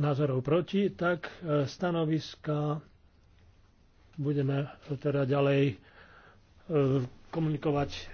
názorov proti, tak e, stanoviska budeme teda ďalej e, komunikovať